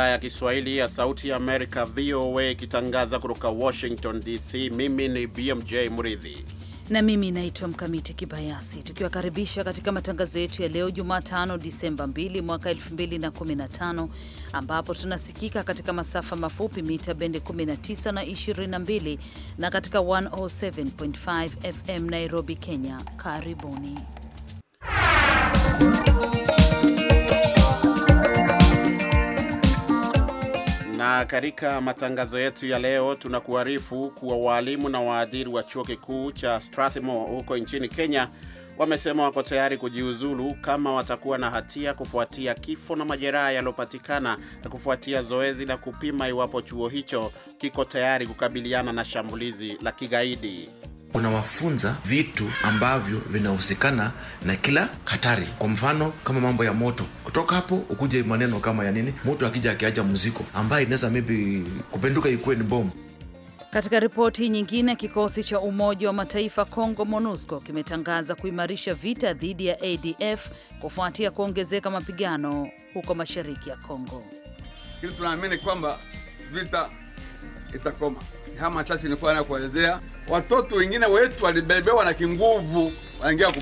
idhaa ya Kiswahili ya Sauti ya Amerika, VOA, ikitangaza kutoka Washington DC. Mimi ni BMJ Mridhi na mimi naitwa Mkamiti Kibayasi, tukiwakaribisha katika matangazo yetu ya leo Jumatano, Disemba 2 mwaka 2015, ambapo tunasikika katika masafa mafupi mita bendi 19 na 22 na katika 107.5 FM Nairobi, Kenya. Karibuni Na katika matangazo yetu ya leo tunakuarifu kuwa waalimu na waadhiri wa chuo kikuu cha Strathmore huko nchini Kenya wamesema wako tayari kujiuzulu kama watakuwa na hatia kufuatia kifo na majeraha yaliyopatikana na kufuatia zoezi la kupima iwapo chuo hicho kiko tayari kukabiliana na shambulizi la kigaidi unawafunza vitu ambavyo vinahusikana na kila hatari. Kwa mfano kama mambo ya moto, kutoka hapo ukuje maneno kama ya nini, moto akija akiacha mziko ambaye inaweza maybe kupenduka ikuwe ni bomu. Katika ripoti nyingine, kikosi cha Umoja wa Mataifa congo MONUSCO kimetangaza kuimarisha vita dhidi ya ADF kufuatia kuongezeka mapigano huko mashariki ya Congo. Lakini tunaamini kwamba vita itakoma kama chache nilikuwa na kuelezea. Watoto wengine wetu walibebewa na kinguvu, wanaingia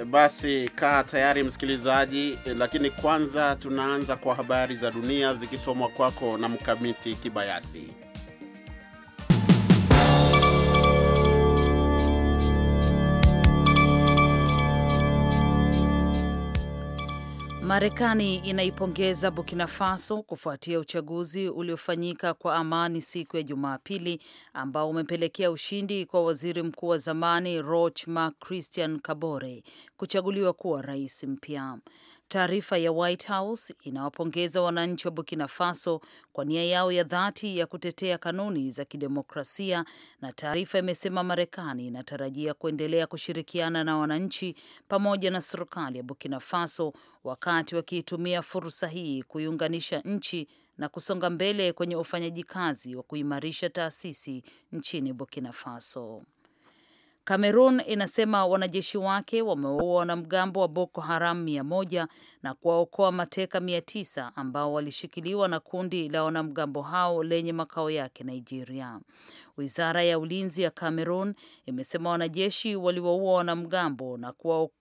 E, Basi kaa tayari msikilizaji, e, lakini kwanza tunaanza kwa habari za dunia zikisomwa kwako na Mkamiti Kibayasi. Marekani inaipongeza Burkina Faso kufuatia uchaguzi uliofanyika kwa amani siku ya Jumapili ambao umepelekea ushindi kwa waziri mkuu wa zamani Roch Marc Christian Kabore kuchaguliwa kuwa rais mpya. Taarifa ya White House inawapongeza wananchi wa Burkina Faso kwa nia yao ya dhati ya kutetea kanuni za kidemokrasia, na taarifa imesema Marekani inatarajia kuendelea kushirikiana na wananchi pamoja na serikali ya Burkina Faso wakati wakiitumia fursa hii kuiunganisha nchi na kusonga mbele kwenye ufanyaji kazi wa kuimarisha taasisi nchini Burkina Faso. Kamerun inasema wanajeshi wake wamewaua wanamgambo wa Boko Haram mia moja na kuwaokoa mateka mia tisa ambao walishikiliwa na kundi la wanamgambo hao lenye makao yake Nigeria. Wizara ya ulinzi ya Cameroon imesema wanajeshi waliwaua wanamgambo na kuwaokoa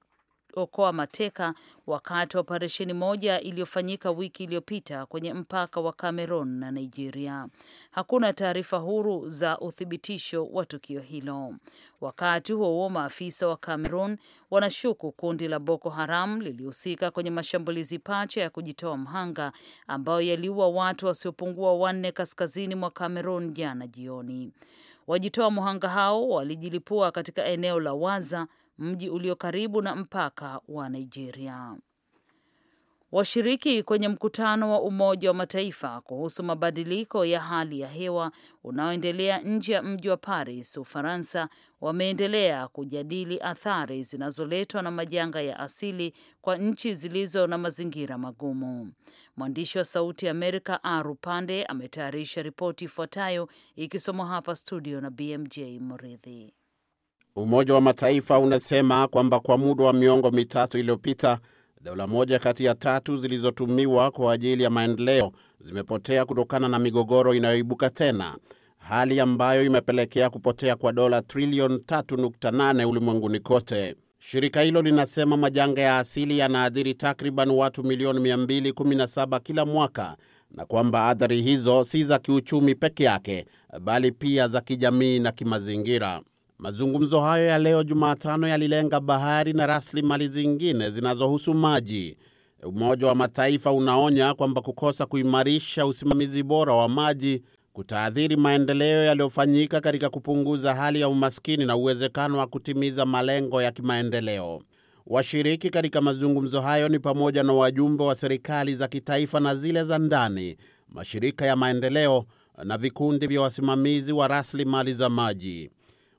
kuokoa mateka wakati wa operesheni moja iliyofanyika wiki iliyopita kwenye mpaka wa Cameroon na Nigeria. Hakuna taarifa huru za uthibitisho wa tukio hilo. Wakati huo huo, maafisa wa Cameroon wanashuku kundi la Boko Haram lilihusika kwenye mashambulizi pacha ya kujitoa mhanga ambayo yaliua watu wasiopungua wanne kaskazini mwa Cameroon jana jioni. Wajitoa mhanga hao walijilipua katika eneo la Waza mji ulio karibu na mpaka wa Nigeria. Washiriki kwenye mkutano wa Umoja wa Mataifa kuhusu mabadiliko ya hali ya hewa unaoendelea nje ya mji wa Paris, Ufaransa, wameendelea kujadili athari zinazoletwa na majanga ya asili kwa nchi zilizo na mazingira magumu. Mwandishi wa Sauti ya Amerika Aru Pande ametayarisha ripoti ifuatayo ikisomwa hapa studio na BMJ Mridhi. Umoja wa Mataifa unasema kwamba kwa muda wa miongo mitatu iliyopita dola moja kati ya tatu zilizotumiwa kwa ajili ya maendeleo zimepotea kutokana na migogoro inayoibuka tena, hali ambayo imepelekea kupotea kwa dola trilioni 3.8 ulimwenguni kote. Shirika hilo linasema majanga ya asili yanaathiri takriban watu milioni 217 kila mwaka na kwamba athari hizo si za kiuchumi peke yake, bali pia za kijamii na kimazingira. Mazungumzo hayo ya leo Jumatano yalilenga bahari na rasilimali zingine zinazohusu maji. Umoja wa Mataifa unaonya kwamba kukosa kuimarisha usimamizi bora wa maji kutaathiri maendeleo yaliyofanyika katika kupunguza hali ya umaskini na uwezekano wa kutimiza malengo ya kimaendeleo. Washiriki katika mazungumzo hayo ni pamoja na wajumbe wa serikali za kitaifa na zile za ndani, mashirika ya maendeleo na vikundi vya wasimamizi wa rasilimali za maji.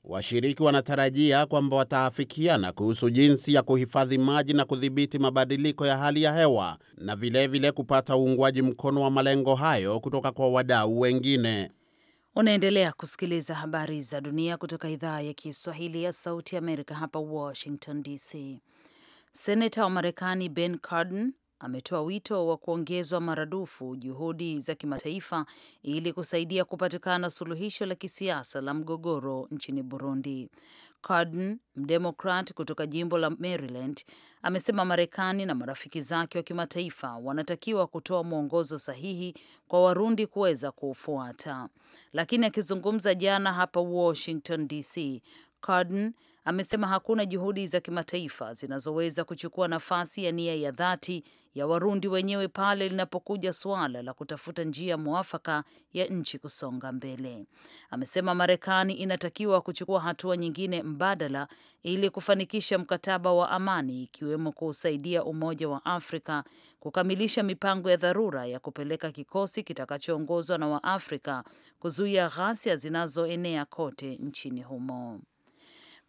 Washiriki wanatarajia kwamba wataafikiana kuhusu jinsi ya kuhifadhi maji na kudhibiti mabadiliko ya hali ya hewa na vilevile vile kupata uungwaji mkono wa malengo hayo kutoka kwa wadau wengine. Unaendelea kusikiliza habari za dunia kutoka idhaa ya Kiswahili ya Sauti ya Amerika hapa Washington DC. Senata wa Marekani Ben Cardin ametoa wito wa kuongezwa maradufu juhudi za kimataifa ili kusaidia kupatikana suluhisho la kisiasa la mgogoro nchini Burundi. Cardin, mdemokrat kutoka jimbo la Maryland, amesema Marekani na marafiki zake wa kimataifa wanatakiwa kutoa mwongozo sahihi kwa Warundi kuweza kuufuata. Lakini akizungumza jana hapa Washington DC, Cardin amesema hakuna juhudi za kimataifa zinazoweza kuchukua nafasi ya nia ya dhati ya Warundi wenyewe pale linapokuja suala la kutafuta njia mwafaka ya nchi kusonga mbele. Amesema Marekani inatakiwa kuchukua hatua nyingine mbadala ili kufanikisha mkataba wa amani, ikiwemo kuusaidia Umoja wa Afrika kukamilisha mipango ya dharura ya kupeleka kikosi kitakachoongozwa na Waafrika kuzuia ghasia zinazoenea kote nchini humo.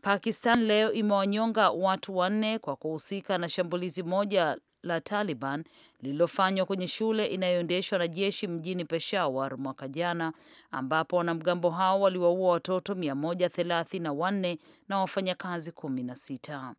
Pakistan leo imewanyonga watu wanne kwa kuhusika na shambulizi moja la Taliban lililofanywa kwenye shule inayoendeshwa na jeshi mjini Peshawar mwaka jana, ambapo wanamgambo hao waliwaua watoto 134 na wafanyakazi 16.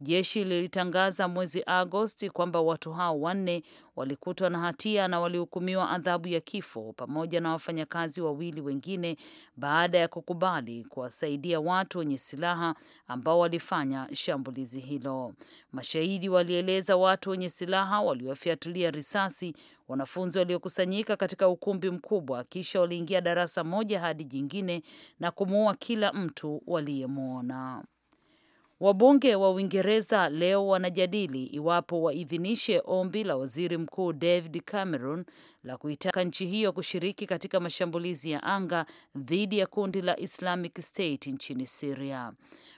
Jeshi lilitangaza mwezi Agosti kwamba watu hao wanne walikutwa na hatia na walihukumiwa adhabu ya kifo pamoja na wafanyakazi wawili wengine baada ya kukubali kuwasaidia watu wenye silaha ambao walifanya shambulizi hilo. Mashahidi walieleza watu wenye silaha waliwafyatulia risasi wanafunzi waliokusanyika katika ukumbi mkubwa, kisha waliingia darasa moja hadi jingine na kumuua kila mtu waliyemwona. Wabunge wa Uingereza leo wanajadili iwapo waidhinishe ombi la waziri mkuu David Cameron la kuitaka nchi hiyo kushiriki katika mashambulizi ya anga dhidi ya kundi la Islamic State nchini Syria.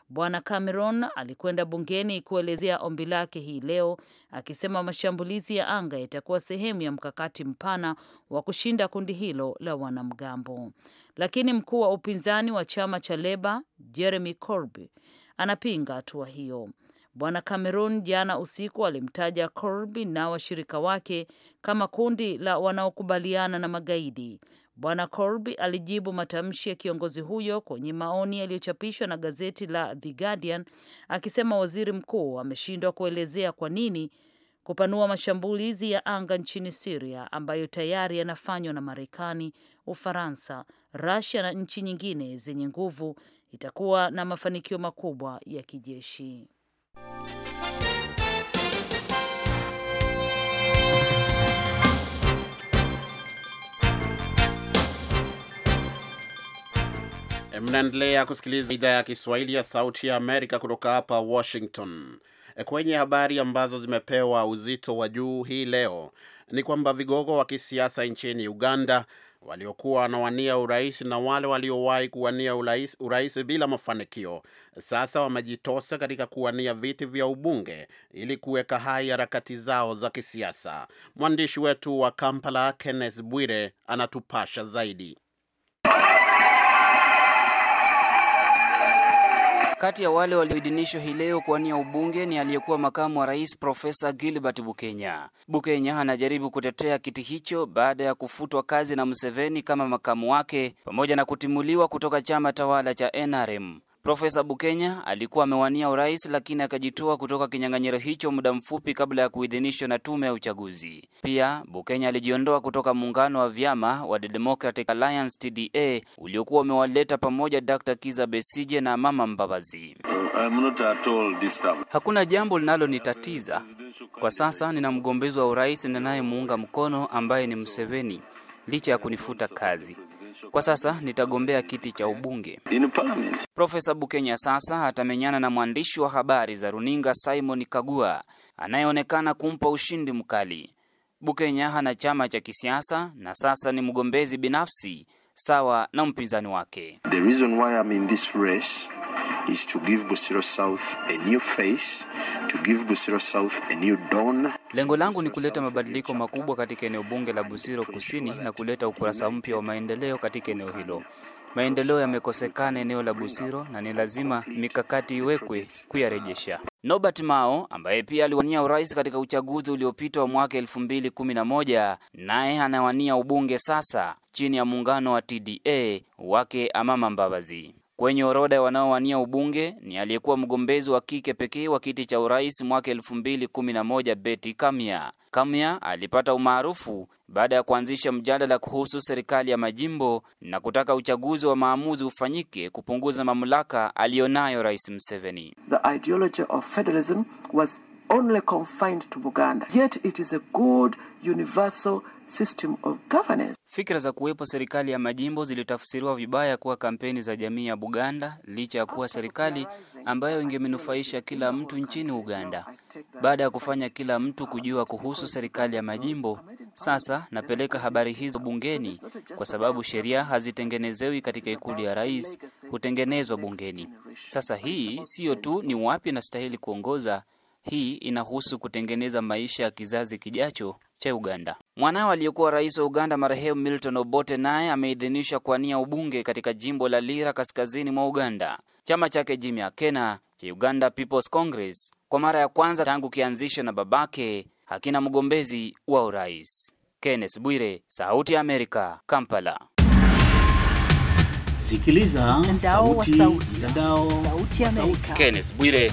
Bwana Cameron alikwenda bungeni kuelezea ombi lake hii leo akisema mashambulizi ya anga yatakuwa sehemu ya mkakati mpana wa kushinda kundi hilo la wanamgambo. Lakini mkuu wa upinzani wa chama cha Leba Jeremy Corbyn anapinga hatua hiyo. Bwana Cameron jana usiku alimtaja corby na washirika wake kama kundi la wanaokubaliana na magaidi. Bwana Corby alijibu matamshi ya kiongozi huyo kwenye maoni yaliyochapishwa na gazeti la The Guardian akisema waziri mkuu ameshindwa kuelezea kwa nini kupanua mashambulizi ya anga nchini siria ambayo tayari yanafanywa na Marekani, Ufaransa, rasia na nchi nyingine zenye nguvu itakuwa na mafanikio makubwa ya kijeshi. Mnaendelea kusikiliza idhaa ya Kiswahili ya Sauti ya Amerika kutoka hapa Washington. Kwenye habari ambazo zimepewa uzito wa juu hii leo ni kwamba vigogo wa kisiasa nchini Uganda waliokuwa wanawania urais na wale waliowahi kuwania urais, urais bila mafanikio sasa wamejitosa katika kuwania viti vya ubunge ili kuweka hai harakati zao za kisiasa. Mwandishi wetu wa Kampala Kenneth Bwire anatupasha zaidi. Kati ya wale walioidhinishwa hii leo kuwania ubunge ni aliyekuwa makamu wa rais Profesa Gilbert Bukenya. Bukenya anajaribu kutetea kiti hicho baada ya kufutwa kazi na Museveni kama makamu wake pamoja na kutimuliwa kutoka chama tawala cha NRM. Profesa Bukenya alikuwa amewania urais lakini akajitoa kutoka kinyang'anyiro hicho muda mfupi kabla ya kuidhinishwa na tume ya uchaguzi. Pia Bukenya alijiondoa kutoka muungano wa vyama wa The Democratic Alliance TDA uliokuwa umewaleta pamoja Dr. Kiza Besije na Mama Mbabazi. Hakuna jambo linalonitatiza kwa sasa, nina mgombezi wa urais ninayemuunga mkono ambaye ni Mseveni licha ya kunifuta kazi. Kwa sasa nitagombea kiti cha ubunge. Profesa Bukenya sasa atamenyana na mwandishi wa habari za runinga Simon Kagua anayeonekana kumpa ushindi mkali. Bukenya hana chama cha kisiasa na sasa ni mgombezi binafsi sawa na mpinzani wake. The reason why I'm in this race is to give Busiro South a new face, to give Busiro South a new dawn. Lengo langu ni kuleta mabadiliko makubwa katika eneo bunge la Busiro Kusini na kuleta ukurasa mpya wa maendeleo katika eneo hilo. Maendeleo yamekosekana eneo la Busiro na ni lazima mikakati iwekwe kuyarejesha. nobert Mao ambaye pia aliwania urais katika uchaguzi uliopita wa mwaka 2011 naye anawania ubunge sasa chini ya muungano wa TDA wake Amama Mbabazi. Kwenye orodha wanaowania ubunge ni aliyekuwa mgombezi wa kike pekee wa kiti cha urais mwaka 2011 Betty Kamya. Kamya alipata umaarufu baada ya kuanzisha mjadala kuhusu serikali ya majimbo na kutaka uchaguzi wa maamuzi ufanyike kupunguza mamlaka aliyonayo Rais Museveni. The ideology of federalism was only confined to Buganda. Yet it is a good universal system of governance. Fikra za kuwepo serikali ya majimbo zilitafsiriwa vibaya kuwa kampeni za jamii ya Buganda licha ya kuwa serikali ambayo ingemenufaisha kila mtu nchini Uganda. Baada ya kufanya kila mtu kujua kuhusu serikali ya majimbo, sasa napeleka habari hizo bungeni kwa sababu sheria hazitengenezewi katika ikulu ya rais, hutengenezwa bungeni. Sasa hii siyo tu ni wapi nastahili kuongoza hii inahusu kutengeneza maisha ya kizazi kijacho cha Uganda. Mwanao aliyekuwa rais wa Uganda marehemu Milton Obote naye ameidhinisha kuwania ubunge katika jimbo la Lira kaskazini mwa Uganda. Chama chake Jimmy Akena cha Uganda People's Congress kwa mara ya kwanza tangu kianzishwa na babake hakina mgombezi wa urais. Kenneth Bwire, Sauti ya Amerika, Kampala. Sikiliza mtandao wa Sauti, Sauti Kenneth Bwire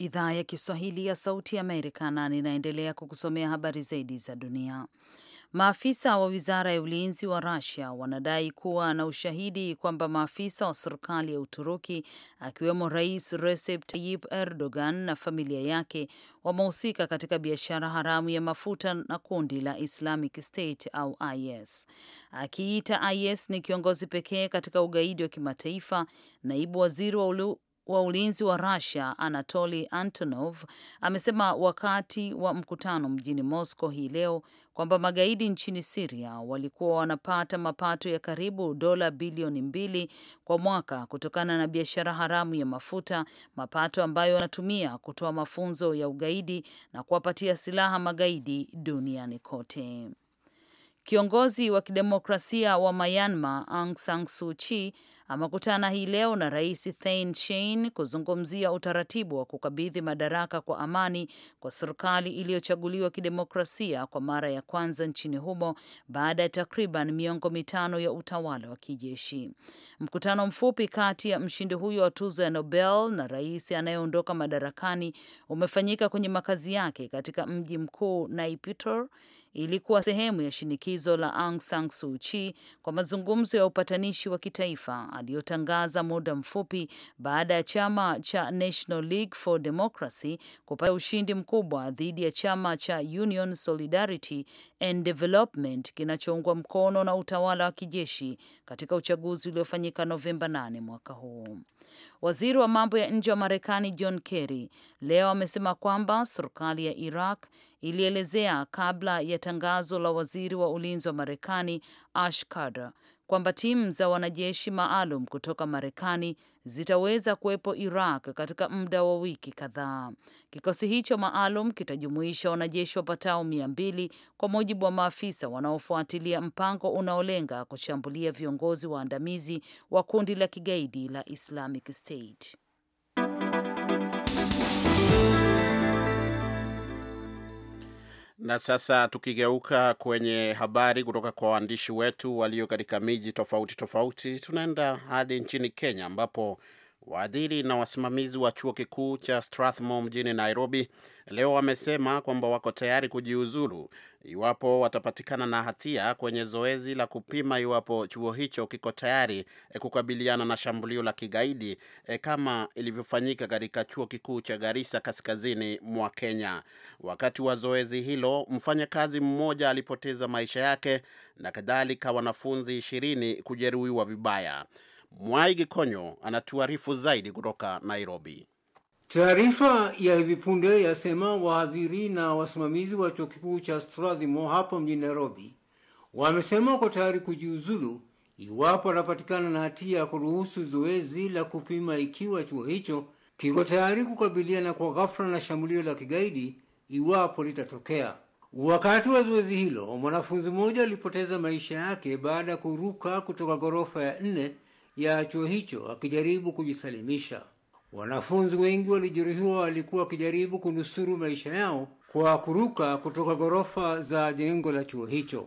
idhaa ya Kiswahili ya Sauti Amerika na ninaendelea kukusomea habari zaidi za dunia. Maafisa wa wizara ya ulinzi wa rasia wanadai kuwa na ushahidi kwamba maafisa wa serikali ya Uturuki akiwemo Rais Recep Tayyip Erdogan na familia yake wamehusika katika biashara haramu ya mafuta na kundi la Islamic State au IS. Akiita IS ni kiongozi pekee katika ugaidi wa kimataifa, naibu waziri wa wa ulinzi wa Russia Anatoli Antonov amesema wakati wa mkutano mjini Moscow hii leo kwamba magaidi nchini Siria walikuwa wanapata mapato ya karibu dola bilioni mbili kwa mwaka kutokana na biashara haramu ya mafuta, mapato ambayo wanatumia kutoa mafunzo ya ugaidi na kuwapatia silaha magaidi duniani kote. Kiongozi wa kidemokrasia wa Myanmar Aung San Suu Kyi amekutana hii leo na Rais Thein Sein kuzungumzia utaratibu wa kukabidhi madaraka kwa amani kwa serikali iliyochaguliwa kidemokrasia kwa mara ya kwanza nchini humo baada ya takriban miongo mitano ya utawala wa kijeshi. Mkutano mfupi kati ya mshindi huyo wa tuzo ya Nobel na rais anayeondoka madarakani umefanyika kwenye makazi yake katika mji mkuu Naypyidaw ilikuwa sehemu ya shinikizo la Aung San Suu Kyi kwa mazungumzo ya upatanishi wa kitaifa aliyotangaza muda mfupi baada ya chama cha National League for Democracy kupata ushindi mkubwa dhidi ya chama cha Union Solidarity and Development kinachoungwa mkono na utawala wa kijeshi katika uchaguzi uliofanyika Novemba 8 mwaka huu. Waziri wa mambo ya nje wa Marekani John Kerry leo amesema kwamba serikali ya Iraq ilielezea kabla ya tangazo la waziri wa ulinzi wa Marekani Ash Carter kwamba timu za wanajeshi maalum kutoka Marekani zitaweza kuwepo Iraq katika muda wa wiki kadhaa. Kikosi hicho maalum kitajumuisha wanajeshi wapatao mia mbili kwa mujibu wa maafisa wanaofuatilia mpango unaolenga kushambulia viongozi waandamizi wa kundi la kigaidi la Islamic State. Na sasa tukigeuka kwenye habari kutoka kwa waandishi wetu walio katika miji tofauti tofauti, tunaenda hadi nchini Kenya ambapo Waadhiri na wasimamizi wa chuo kikuu cha Strathmore mjini Nairobi leo wamesema kwamba wako tayari kujiuzulu iwapo watapatikana na hatia kwenye zoezi la kupima iwapo chuo hicho kiko tayari eh, kukabiliana na shambulio la kigaidi eh, kama ilivyofanyika katika chuo kikuu cha Garissa kaskazini mwa Kenya. Wakati wa zoezi hilo, mfanyakazi mmoja alipoteza maisha yake na kadhalika wanafunzi ishirini kujeruhiwa vibaya. Mwai Gikonyo anatuarifu zaidi kutoka Nairobi. Taarifa ya hivi punde yasema wahadhiri na wasimamizi wa chuo kikuu cha Strathmore hapo mjini Nairobi wamesema wako tayari kujiuzulu iwapo anapatikana na hatia ya kuruhusu zoezi la kupima ikiwa chuo hicho kiko tayari kukabiliana kwa ghafla na shambulio la kigaidi iwapo litatokea. Wakati wa zoezi hilo, mwanafunzi mmoja alipoteza maisha yake baada ya kuruka kutoka ghorofa ya nne ya chuo hicho akijaribu kujisalimisha. Wanafunzi wengi walijeruhiwa walikuwa wakijaribu kunusuru maisha yao kwa kuruka kutoka ghorofa za jengo la chuo hicho.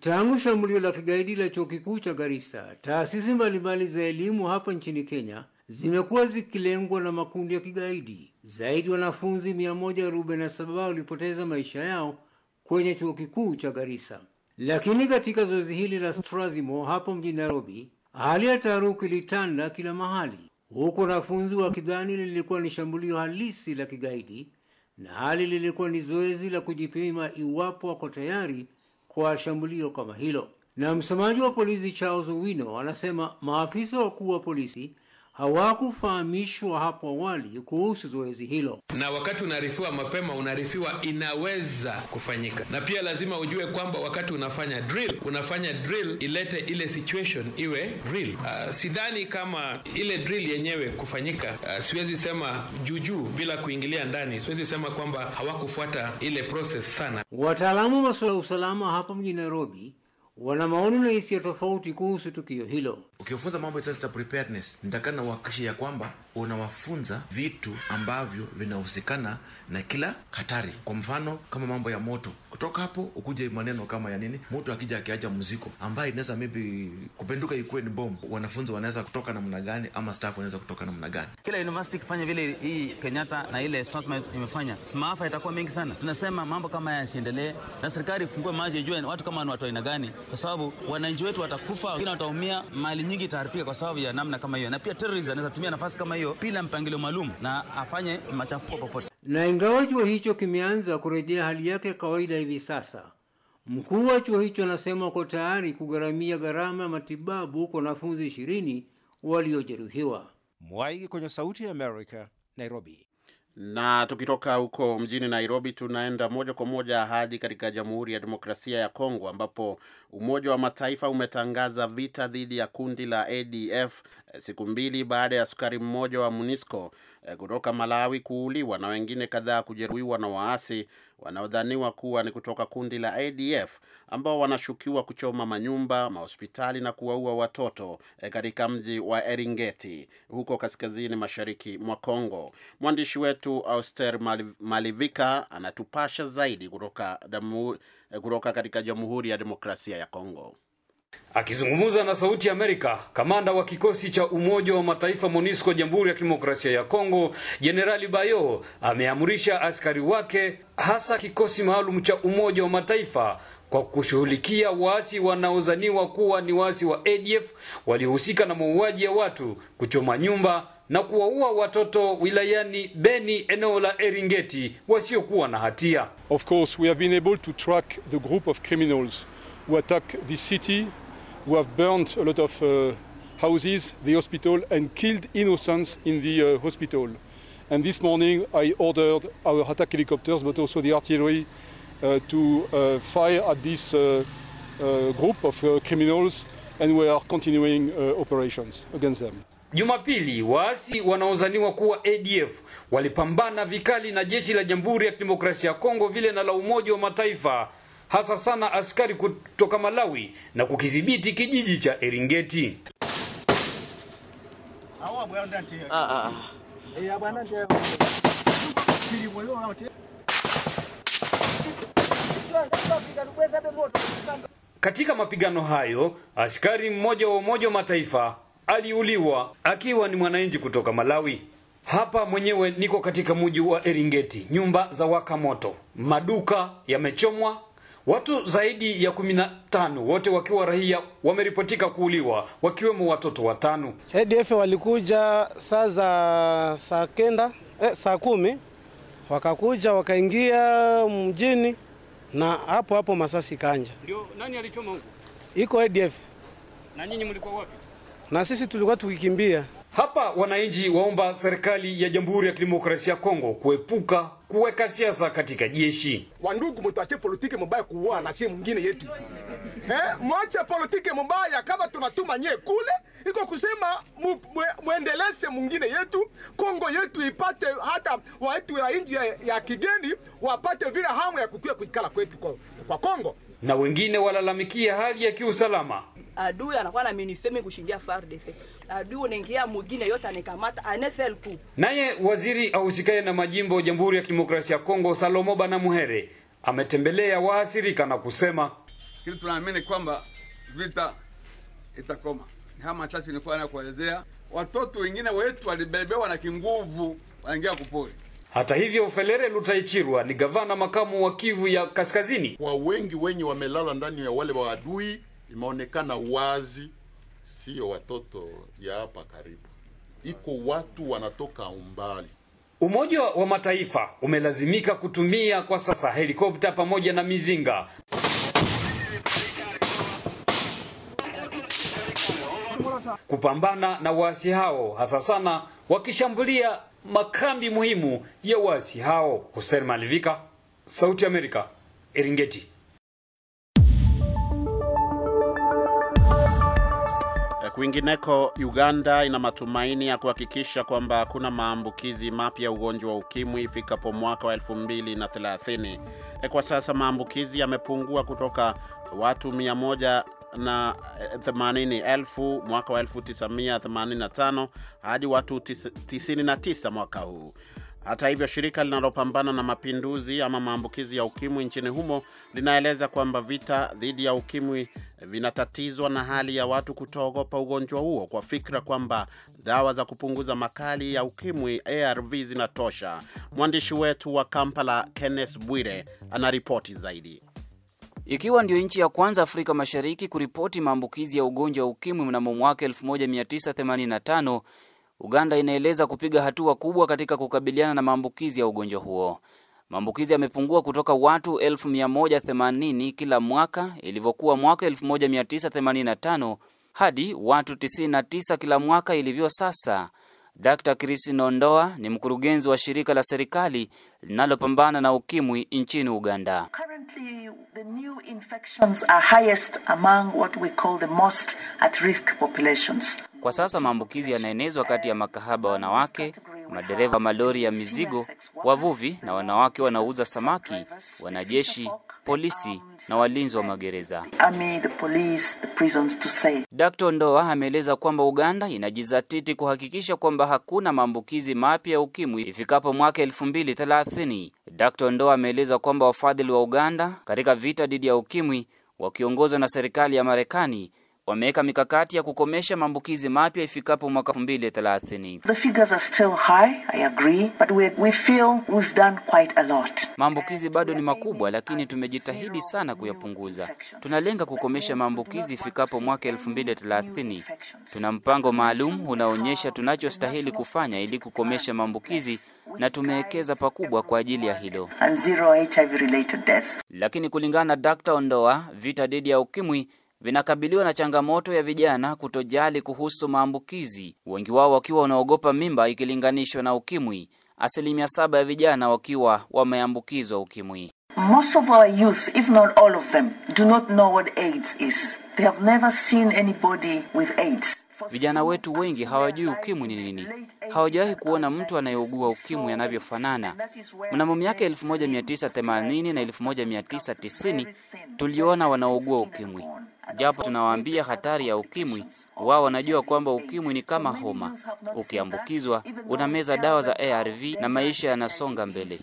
Tangu shambulio la kigaidi la chuo kikuu cha Garissa, taasisi mbalimbali za elimu hapa nchini Kenya zimekuwa zikilengwa na makundi ya kigaidi. Zaidi wanafunzi 147 walipoteza maisha yao kwenye chuo kikuu cha Garissa. Lakini katika zoezi hili la Strathmore hapo mjini Nairobi, Hali ya taharuki ilitanda kila mahali, huku wanafunzi wakidhani lilikuwa ni shambulio halisi la kigaidi na hali lilikuwa ni zoezi la kujipima iwapo wako tayari kwa shambulio kama hilo. Na msemaji wa polisi Charles Wino anasema maafisa wakuu wa polisi hawakufahamishwa hapo awali kuhusu zoezi hilo, na wakati unaarifiwa mapema, unaarifiwa inaweza kufanyika. Na pia lazima ujue kwamba wakati unafanya drill, unafanya drill ilete ile situation iwe Uh, sidhani kama ile drill yenyewe kufanyika, uh, siwezi sema juujuu bila kuingilia ndani, siwezi sema kwamba hawakufuata ile process sana. Wataalamu wa masuala ya usalama hapa mjini Nairobi wana maoni na hisia tofauti kuhusu tukio hilo. Ukiwafunza mambo ya disaster preparedness, nitakana uhakikishe ya kwamba unawafunza vitu ambavyo vinahusikana na kila hatari. Kwa mfano kama mambo ya moto, kutoka hapo ukuje maneno kama ya nini, mtu akija akiacha mziko ambaye inaweza maybe kupenduka ikuwe ni bomb wanafunzi wanaweza kutoka namna gani, ama staff wanaweza kutoka namna gani? Kila university ikifanya vile hii Kenyatta na ile Strathmore imefanya, maafa itakuwa mengi sana. Tunasema mambo kama haya yasiendelee, na serikali ifungue maji ijue watu kama ni watu aina gani, kwa sababu wananchi wetu watakufa, wengine wataumia mali nyingi itaharibika kwa sababu ya namna kama hiyo, na pia terrorist anaweza tumia nafasi kama hiyo bila mpangilio maalum na afanye machafuko popote. Na ingawa chuo hicho kimeanza kurejea hali yake ya kawaida hivi sasa, mkuu wa chuo hicho anasema uko tayari kugharamia gharama ya matibabu kwa wanafunzi ishirini waliojeruhiwa. Mwaigi kwenye Sauti ya Amerika, Nairobi. Na tukitoka huko mjini Nairobi, tunaenda moja kwa moja hadi katika Jamhuri ya Demokrasia ya Kongo ambapo Umoja wa Mataifa umetangaza vita dhidi ya kundi la ADF eh, siku mbili baada ya askari mmoja wa MONUSCO eh, kutoka Malawi kuuliwa na wengine kadhaa kujeruhiwa na waasi wanaodhaniwa kuwa ni kutoka kundi la ADF ambao wanashukiwa kuchoma manyumba, mahospitali na kuwaua watoto eh, katika mji wa Eringeti huko kaskazini mashariki mwa Kongo. Mwandishi wetu Auster Malivika anatupasha zaidi kutoka, eh, kutoka katika Jamhuri ya Demokrasia ya Kongo. Akizungumza na Sauti ya Amerika, kamanda wa kikosi cha Umoja wa Mataifa MONUSCO Jamhuri ya Kidemokrasia ya Kongo, Jenerali Bayo ameamrisha askari wake hasa kikosi maalum cha Umoja wa Mataifa kwa kushughulikia waasi wanaozaniwa kuwa ni waasi wa ADF waliohusika na mauaji ya watu, kuchoma nyumba na kuwaua watoto wilayani Beni, eneo la Eringeti, wasiokuwa na hatia. Of course we have been able to track the group of criminals who attack this city who have burned a lot of uh, houses, the hospital, and killed innocents in the uh, hospital. And this morning I ordered our attack helicopters, but also the artillery, uh, to uh, fire at this uh, uh, group of criminals, and we are continuing operations against them. Jumapili waasi wanaozaniwa kuwa ADF walipambana vikali na jeshi la Jamhuri ya Kidemokrasia ya Kongo vile na la Umoja wa Mataifa hasa sana askari kutoka Malawi na kukidhibiti kijiji cha Eringeti. Katika mapigano hayo, askari mmoja wa Umoja wa Mataifa aliuliwa akiwa ni mwananchi kutoka Malawi. Hapa mwenyewe niko katika mji wa Eringeti, nyumba za waka moto, maduka yamechomwa, Watu zaidi ya kumi na tano wote wakiwa raia wameripotika kuuliwa wakiwemo watoto watano. ADF walikuja saa za saa kenda eh, saa kumi wakakuja wakaingia mjini na hapo hapo masasi kanja. Ndio, nani alichoma huko? Iko ADF. Na nyinyi mlikuwa wapi? Na sisi tulikuwa tukikimbia. Hapa wananchi waomba serikali ya Jamhuri ya Kidemokrasia ya Kongo kuepuka kuweka siasa katika jeshi. Wandugu, mtuache politiki mubaya kuua na sie mwingine yetu eh, mwache politiki mubaya. Kama tunatuma nye kule iko kusema mu, mu, mwingine yetu, Kongo yetu ipate hata watu ya inji ya, ya kigeni wapate vile hamu ya kukua kuikala kwetu kwa, kwa Kongo na wengine walalamikia hali ya kiusalama. Adui anakuwa na minisemi kushindia FARDC. Adui unaingia mwingine yote anakamata anesel Naye waziri ahusikaye na majimbo Jamhuri ya Kidemokrasia ya Kongo Salomo Banamuhere ametembelea waasirika na kusema kile tunaamini kwamba vita itakoma. Ni haya machache nilikuwa nakuelezea. Watoto wengine wetu walibebewa na kinguvu wanaingia kupoli hata hivyo, Felere Lutaichirwa ni gavana makamu wa Kivu ya Kaskazini. Kwa wengi wenye wamelala ndani ya wale wa adui, imeonekana wazi, siyo watoto ya hapa karibu, iko watu wanatoka umbali. Umoja wa Mataifa umelazimika kutumia kwa sasa helikopta pamoja na mizinga kupambana na waasi hao, hasa sana wakishambulia makambi muhimu ya wasi hao. Hussein Malivika, Sauti Amerika, Eringeti. Kwingineko, Uganda ina matumaini ya kuhakikisha kwamba hakuna maambukizi mapya ugonjwa wa ukimwi ifikapo mwaka wa 2030 Eh, kwa sasa maambukizi yamepungua kutoka watu 80,000 eh, mwaka wa 1985 hadi watu 99 mwaka huu. Hata hivyo, shirika linalopambana na mapinduzi ama maambukizi ya ukimwi nchini humo linaeleza kwamba vita dhidi ya ukimwi vinatatizwa na hali ya watu kutoogopa ugonjwa huo kwa fikra kwamba dawa za kupunguza makali ya ukimwi ARV zinatosha. Mwandishi wetu wa Kampala Kenneth Bwire anaripoti zaidi. Ikiwa ndio nchi ya kwanza Afrika Mashariki kuripoti maambukizi ya ugonjwa wa ukimwi mnamo mwaka 1985 Uganda inaeleza kupiga hatua kubwa katika kukabiliana na maambukizi ya ugonjwa huo. Maambukizi yamepungua kutoka watu 1180 kila mwaka ilivyokuwa mwaka 1985 hadi watu 99 kila mwaka ilivyo sasa. Dr. Chris Nondoa ni mkurugenzi wa shirika la serikali linalopambana na ukimwi nchini Uganda. Currently, the new infections are highest among what we call the most at risk populations. Kwa sasa maambukizi yanaenezwa kati ya makahaba wanawake, madereva malori ya mizigo, wavuvi na wanawake wanaouza samaki, wanajeshi, polisi na walinzi wa magereza. Dkt. Ndoa ameeleza kwamba Uganda inajizatiti kuhakikisha kwamba hakuna maambukizi mapya ya ukimwi ifikapo mwaka 2030. Dkt. Ndoa ameeleza kwamba wafadhili wa Uganda katika vita dhidi ya ukimwi wakiongozwa na serikali ya Marekani wameweka mikakati ya kukomesha maambukizi mapya ifikapo mwaka 2030. Maambukizi bado ni makubwa lakini tumejitahidi sana kuyapunguza. Tunalenga kukomesha maambukizi ifikapo mwaka 2030. Tuna mpango maalum unaonyesha tunachostahili kufanya ili kukomesha maambukizi na tumewekeza pakubwa kwa ajili ya hilo. And zero HIV related death. Lakini kulingana na Dr. Ondoa, vita dhidi ya ukimwi vinakabiliwa na changamoto ya vijana kutojali kuhusu maambukizi, wengi wao wakiwa wanaogopa mimba ikilinganishwa na ukimwi, asilimia saba ya vijana wakiwa wameambukizwa ukimwi. Most of our youth, if not all of them, do not know what AIDS is. They have never seen anybody with AIDS. Vijana wetu wengi hawajui ukimwi ni nini, hawajawahi kuona mtu anayeugua ukimwi anavyofanana. Mnamo miaka 1980 na 1990 tuliona wanaougua ukimwi Japo tunawaambia hatari ya ukimwi, wao wanajua kwamba ukimwi ni kama homa, ukiambukizwa unameza dawa za ARV na maisha yanasonga mbele.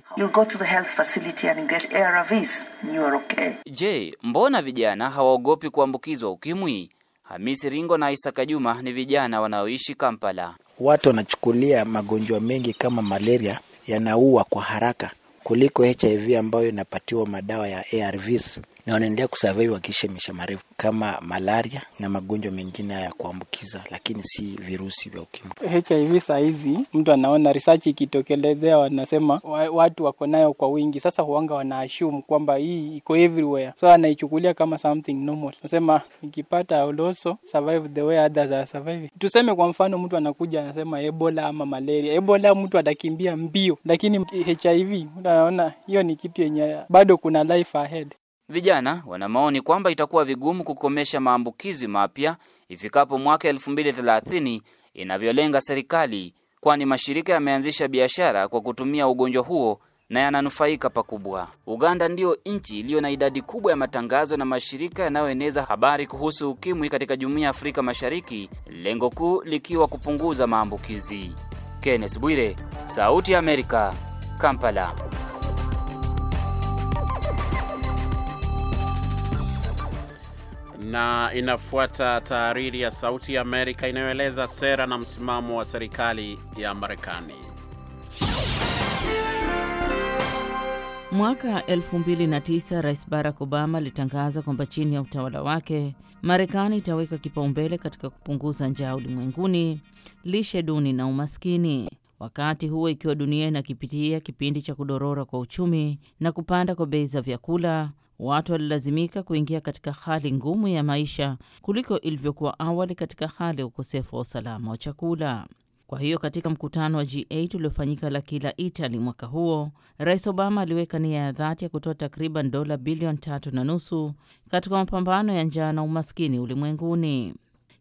Je, mbona vijana hawaogopi kuambukizwa ukimwi? Hamisi Ringo na Isaka Juma ni vijana wanaoishi Kampala. Watu wanachukulia magonjwa mengi kama malaria yanaua kwa haraka kuliko HIV ambayo inapatiwa madawa ya ARVs na wanaendelea kusurvive wakiishi maisha marefu kama malaria na magonjwa mengine ya kuambukiza, lakini si virusi vya ukimwi. HIV saa hizi mtu anaona research ikitokelezea, wanasema watu wako nayo kwa wingi. Sasa huanga wanaashumu kwamba hii iko everywhere, so anaichukulia kama something normal. Nasema ikipata uloso survive the way others are surviving. Tuseme kwa mfano mtu anakuja anasema Ebola ama malaria. Ebola mtu atakimbia mbio, lakini HIV mtu anaona hiyo ni kitu yenye bado kuna life ahead. Vijana wana maoni kwamba itakuwa vigumu kukomesha maambukizi mapya ifikapo mwaka 2030 inavyolenga serikali, kwani mashirika yameanzisha biashara kwa kutumia ugonjwa huo na yananufaika pakubwa. Uganda ndiyo nchi iliyo na idadi kubwa ya matangazo na mashirika yanayoeneza habari kuhusu ukimwi katika jumuiya ya Afrika Mashariki, lengo kuu likiwa kupunguza maambukizi. Kenneth Bwire, Sauti ya Amerika, Kampala. na inafuata taariri ya Sauti ya Amerika inayoeleza sera na msimamo wa serikali ya Marekani. Mwaka 2009 Rais Barack Obama alitangaza kwamba chini ya utawala wake Marekani itaweka kipaumbele katika kupunguza njaa ulimwenguni, lishe duni na umaskini. Wakati huo ikiwa dunia inakipitia kipindi cha kudorora kwa uchumi na kupanda kwa bei za vyakula, watu walilazimika kuingia katika hali ngumu ya maisha kuliko ilivyokuwa awali katika hali ya ukosefu wa usalama wa chakula. Kwa hiyo katika mkutano wa G8 uliofanyika la kila Itali mwaka huo, Rais Obama aliweka nia ya dhati ya kutoa takriban dola bilioni tatu na nusu katika mapambano ya njaa na umaskini ulimwenguni.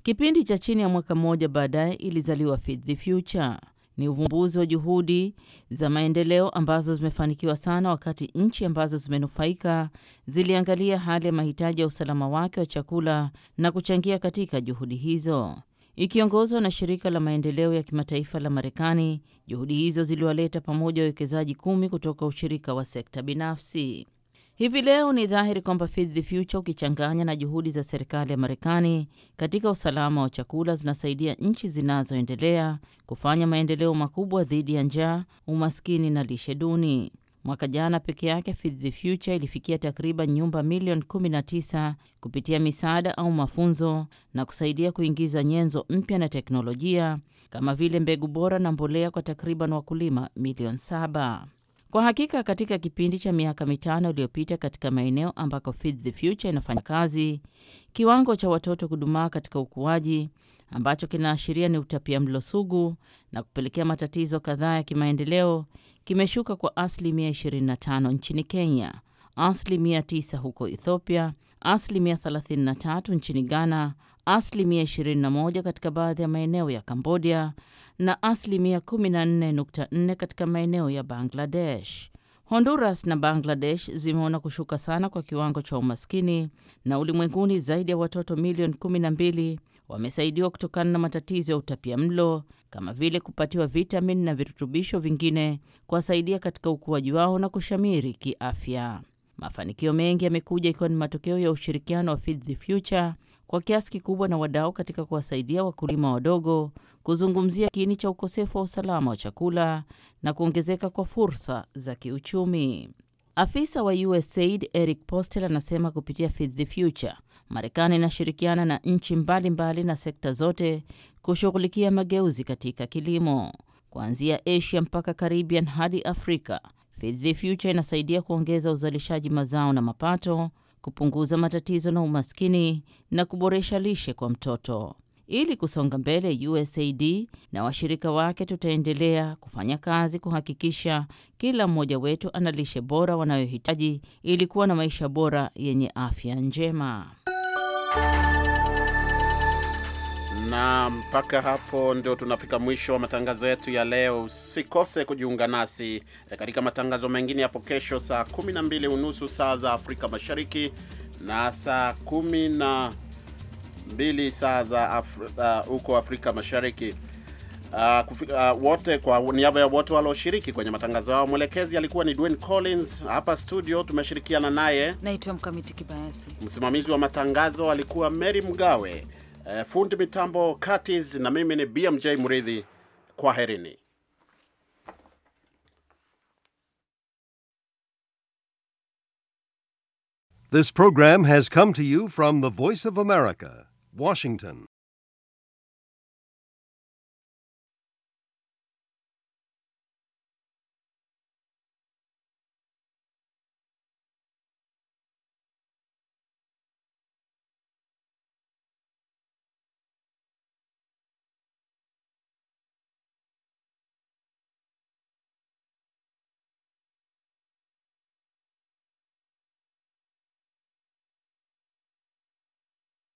Kipindi cha chini ya mwaka mmoja baadaye ilizaliwa Feed the Future ni uvumbuzi wa juhudi za maendeleo ambazo zimefanikiwa sana, wakati nchi ambazo zimenufaika ziliangalia hali ya mahitaji ya usalama wake wa chakula na kuchangia katika juhudi hizo. Ikiongozwa na shirika la maendeleo ya kimataifa la Marekani, juhudi hizo ziliwaleta pamoja wawekezaji kumi kutoka ushirika wa sekta binafsi. Hivi leo ni dhahiri kwamba Feed the Future ukichanganya na juhudi za serikali ya Marekani katika usalama wa chakula zinasaidia nchi zinazoendelea kufanya maendeleo makubwa dhidi ya njaa, umaskini na lishe duni. Mwaka jana peke yake Feed the Future ilifikia takriban nyumba milioni 19 kupitia misaada au mafunzo na kusaidia kuingiza nyenzo mpya na teknolojia kama vile mbegu bora na mbolea kwa takriban wakulima milioni saba. Kwa hakika katika kipindi cha miaka mitano iliyopita, katika maeneo ambako Feed the Future inafanya kazi, kiwango cha watoto kudumaa katika ukuaji ambacho kinaashiria ni utapia mlo sugu na kupelekea matatizo kadhaa ya kimaendeleo kimeshuka kwa asilimia 25 nchini Kenya, asilimia 9 huko Ethiopia asilimia 33 nchini Ghana, asilimia 21 katika baadhi ya maeneo ya Kambodia na asilimia 14.4 katika maeneo ya Bangladesh. Honduras na Bangladesh zimeona kushuka sana kwa kiwango cha umaskini na ulimwenguni zaidi ya watoto milioni 12 wamesaidiwa kutokana na matatizo ya utapia mlo kama vile kupatiwa vitamini na virutubisho vingine kuwasaidia katika ukuaji wao na kushamiri kiafya. Mafanikio mengi yamekuja ikiwa ni matokeo ya ushirikiano wa Feed the Future kwa kiasi kikubwa na wadau katika kuwasaidia wakulima wadogo kuzungumzia kiini cha ukosefu wa usalama wa chakula na kuongezeka kwa fursa za kiuchumi. Afisa wa USAID Eric Postel anasema kupitia Feed the Future, Marekani inashirikiana na nchi mbalimbali na sekta zote kushughulikia mageuzi katika kilimo, kuanzia Asia mpaka Caribbean hadi Afrika Feed the Future inasaidia kuongeza uzalishaji mazao na mapato, kupunguza matatizo na umaskini na kuboresha lishe kwa mtoto. Ili kusonga mbele, USAID na washirika wake tutaendelea kufanya kazi kuhakikisha kila mmoja wetu ana lishe bora wanayohitaji ili kuwa na maisha bora yenye afya njema na mpaka hapo ndio tunafika mwisho wa matangazo yetu ya leo. Usikose kujiunga nasi eh, katika matangazo mengine hapo kesho saa 12 unusu saa za Afrika Mashariki na saa 12 saa za huko Afri, uh, Afrika Mashariki. Uh, kufika, uh, wote kwa niaba ya wote walioshiriki kwenye matangazo yao, mwelekezi alikuwa ni Dwayne Collins. Hapa studio tumeshirikiana naye, naitwa Mkamiti Kibayasi. Msimamizi wa matangazo alikuwa Mary Mgawe. Uh, fundi mitambo Curtis na mimi ni BMJ Mridhi, kwaherini. This program has come to you from the Voice of America, Washington.